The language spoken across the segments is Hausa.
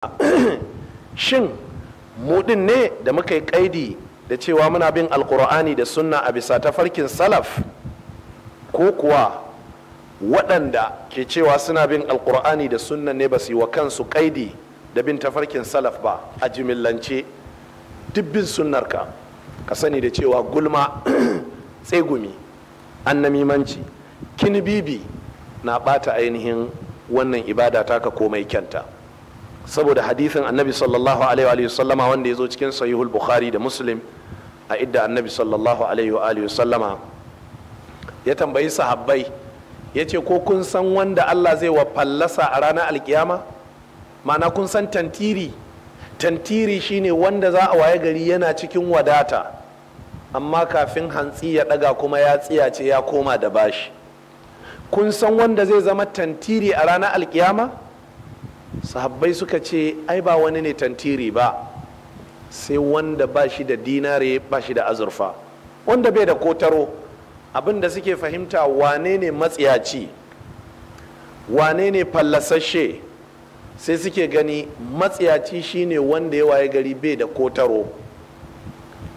shin mudin ne da muka yi kaidi da cewa muna bin alkur'ani da sunna a bisa tafarkin salaf ko kuwa waɗanda ke cewa suna bin alkur'ani da sunna ne ba su yi wa kansu kaidi da bin tafarkin salaf ba a jimillance dubbin sunnarka ka sani da cewa gulma tsegumi annamimanci kinibibi na ɓata ainihin wannan ibada taka komai kyanta saboda hadithin annabi sallallahu alaihi wa sallama wanda ya zo cikin sahihul bukhari da muslim a idda annabi sallallahu alaihi wa sallama ya tambayi sahabbai ya ce ko kun san wanda allah zai wa fallasa a ranar alkiyama ma'ana kun san tantiri tantiri shine wanda za a waye gari yana cikin wadata amma kafin hantsi ya daga kuma ya tsiya ce ya koma da bashi kun san wanda zai zama tantiri a ranar alkiyama sahabbai suka ce ai ba wani ne tantiri ba sai wanda ba shi da dinare ba shi da azurfa wanda bai da kotaro abinda suke fahimta wane ne matsiyaci wane ne fallasashe sai suke gani matsiyaci shine wanda ya waye gari bai da kotaro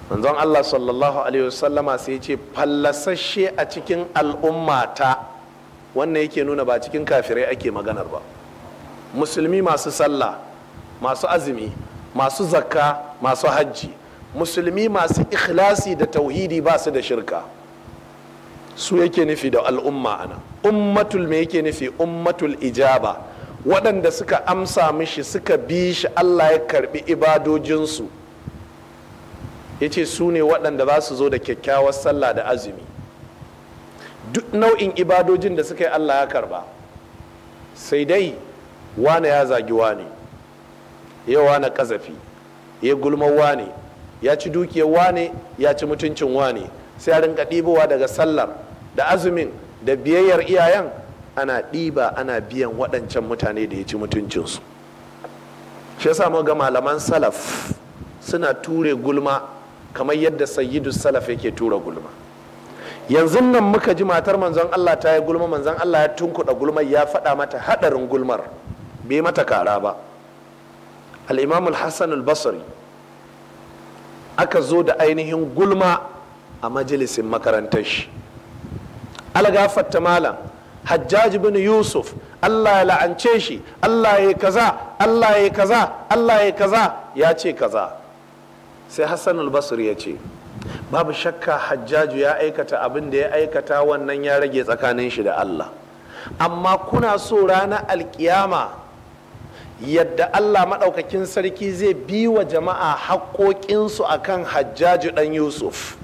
manzon allah sallallahu alaihi wasallama sai ce fallasashe a cikin al'ummata wannan yake nuna ba cikin kafirai ake maganar ba musulmi masu sallah masu azumi masu zakka masu hajji musulmi masu ikhlasi da tauhidi ba su da shirka su yake nufi da al'umma ana ummatul me yake nufi ummatul ijaba waɗanda suka amsa mishi suka bi shi allah ya karbi ibadojinsu ya ce su ne waɗanda za su zo da kyakkyawar sallah da azumi duk nau'in ibadojin da suka yi allah ya karba sai dai wane ya zagi wane ya wane kazafi ya gulma wane ya ci dukiyar wane ya ci mutuncin wane sai a rinka ɗibowa daga sallar da azumin da biyayyar iyayen ana ɗiba ana biyan waɗancan mutane da ya ci mutuncinsu shi samu ga malaman salaf suna ture gulma kamar yadda sayyidu salaf yake tura gulma yanzu nan muka ji matar manzon Allah ta yi gulma manzon Allah ya tunkuɗa gulmar ya faɗa mata haɗarin gulmar bai mata kara ba alimam al-hassan al-basri aka zo da ainihin gulma a majalisin makarantar shi algafatta malam hajjaji bin yusuf allah ya la'ance shi allah ya kaza allah ya kaza allah ya kaza ya ce kaza sai hassan al-basri ya ce babu shakka hajjaju ya aikata abin da ya aikata wannan ya rage tsakanin shi da allah amma kuna so ranar alkiyama yadda Allah maɗaukakin sarki zai bi wa jama'a haƙoƙinsu a kan hajjaji ɗan yusuf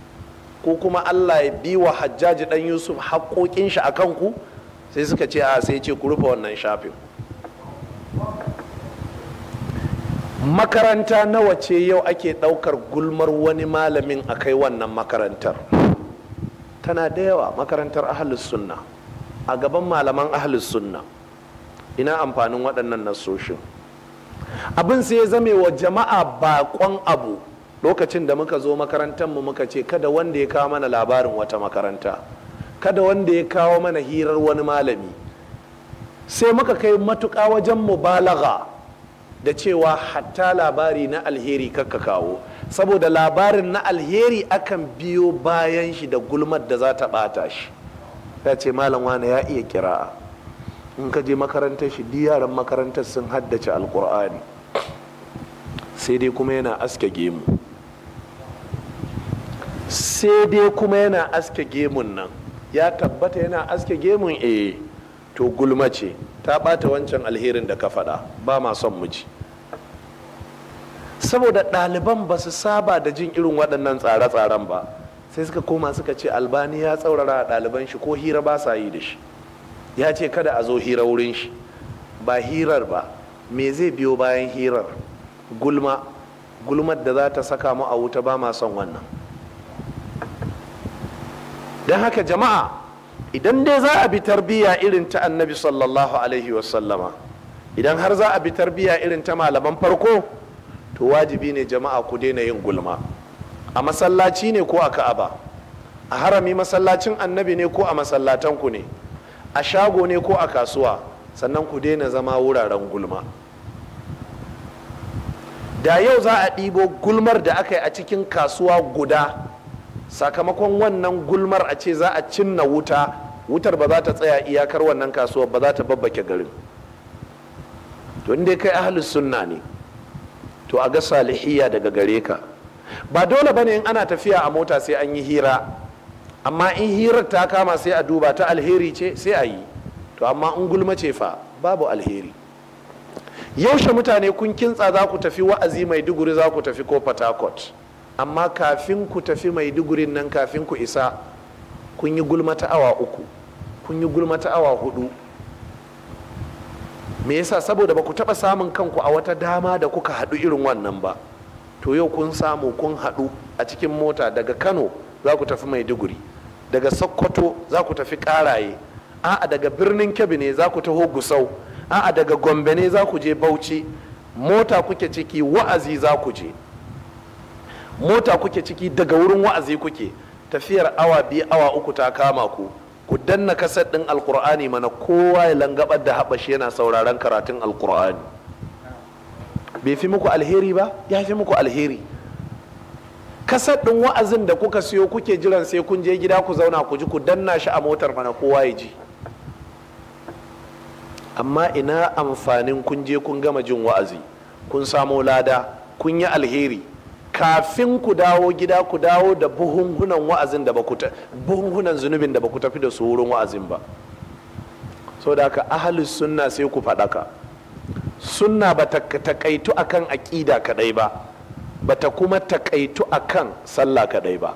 ko kuma Allah ya bi wa hajjaji ɗan yusuf haƙoƙin shi a kanku sai suka ce a sai ce ku rufe wannan shafin makaranta nawa ce yau ake ɗaukar gulmar wani malamin a kai wannan makarantar tana da yawa makarantar ahalus sunna a gaban malaman ahalus sunna ina amfanin waɗannan nasoshin abin sai ya zame wa jama'a baƙon abu lokacin da muka zo makarantar mu muka ce kada wanda ya kawo mana labarin wata makaranta kada wanda ya kawo mana hirar wani malami sai muka kai matuƙa wajen mubalaga da cewa hatta labari na alheri kakka kawo saboda labarin na alheri akan biyo bayan shi da gulmar da za ta ɓata shi ya ce malam wane ya iya kira'a in ka je makarantar shi di yaran makarantar sun haddace alkur'ani sai dai kuma yana aske gemu sai dai kuma yana aske gemun nan ya tabbata yana aske gemun eh to gulma ce ta bata wancan alherin da ka faɗa ba ma son muji saboda ɗaliban ba su saba da jin irin waɗannan tsare-tsaren ba sai suka koma suka ce albani ya tsaurara a ɗaliban shi ko hira ba sa yi da shi ya ce kada a zo hira wurin shi ba hirar ba me zai biyo bayan hirar gulma gulmar da za ta saka mu a wuta ba ma son wannan don haka jama'a idan dai za a bi tarbiyya irin ta annabi sallallahu alaihi wasallama idan har za a bi tarbiyya irin ta malaman farko to wajibi ne jama'a ku daina yin gulma a masallaci ne ko a ka'aba a harami masallacin annabi ne ko a masallatanku ne a shago ne ko a kasuwa sannan ku daina zama wuraren gulma da yau za a ɗibo gulmar da aka yi a cikin kasuwa guda sakamakon wannan gulmar a ce za a cinna wuta wutar ba za ta tsaya iyakar wannan kasuwar, ba za ta babbake garin to inda kai ahalus sunna ne to a ga salihiyya daga gare ka ba dole ba ne in ana tafiya a mota sai an yi hira amma in hirar ta kama sai a duba ta alheri ce sai a yi to amma in gulma ce fa babu alheri yaushe mutane kun kintsa za ku tafi wa'azi mai duguri za ku tafi ko patakot amma kafin ku tafi mai dugurin nan kafin ku isa kun yi gulma ta awa uku kun yi gulma ta awa hudu me yasa saboda ba ku taba samun kanku a wata dama da kuka haɗu irin wannan ba to yau kun samu kun haɗu a cikin mota daga kano za ku tafi maiduguri daga sokoto za ku tafi karaye a'a daga birnin kebbi ne za ku taho gusau a'a daga gombe ne za ku je bauchi mota kuke ciki wa'azi za ku je mota kuke ciki daga wurin wa'azi kuke tafiyar awa biyu awa uku ta kama ku ku danna kasar ɗin alkur'ani mana kowa ya langabar da haɓashi yana sauraron karatun alkur'ani bai fi muku alheri ba ya fi muku alheri kasar ɗin wa'azin da kuka siyo kuke jiran sai kun je gida ku zauna ku ji ku danna shi a motar mana kowa ya ji amma ina amfanin kun je kun gama jin wa'azi kun samo lada kun yi alheri kafin ku dawo gida ku dawo da buhunhunan wa'azin da bakuta buhunhunan zunubin da baku tafi da su wurin wa'azin ba so da ka ahalus sunna sai ku faɗaka sunna ba ta takaitu akan aƙida kaɗai ba bata kuma takaitu kan sallah kaɗai ba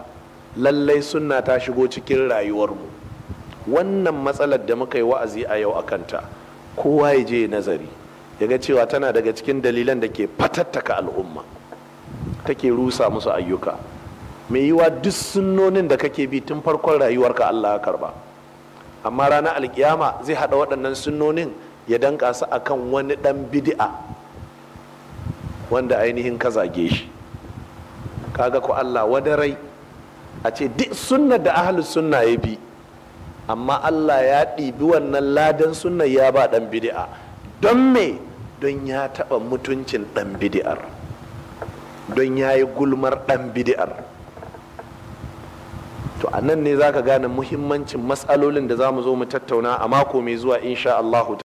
lallai sunna ta shigo cikin rayuwarmu wannan matsalar da muka yi wa'azi a yau a kanta kowa ya je nazari ya ga cewa tana daga cikin dalilan da ke fatattaka al'umma take rusa musu ayyuka mai yiwa duk sunnonin da kake bi tun farkon rayuwarka Allah ya karba amma rana alkiyama zai hada waɗannan sunnonin ya danka su akan wani ɗan bidi'a wanda ainihin ka zage shi kaga ku Allah wadarai a ce duk sunna da ahlus sunna ya bi amma Allah ya ɗibi wannan ladan sunna ya ba ɗan bidi'a don me don ya taɓa mutuncin ɗan bidi'ar don ya yi gulmar ɗan bidi'ar to a nan ne za ka gane muhimmancin matsalolin da za mu zo mu tattauna a mako mai zuwa insha Allah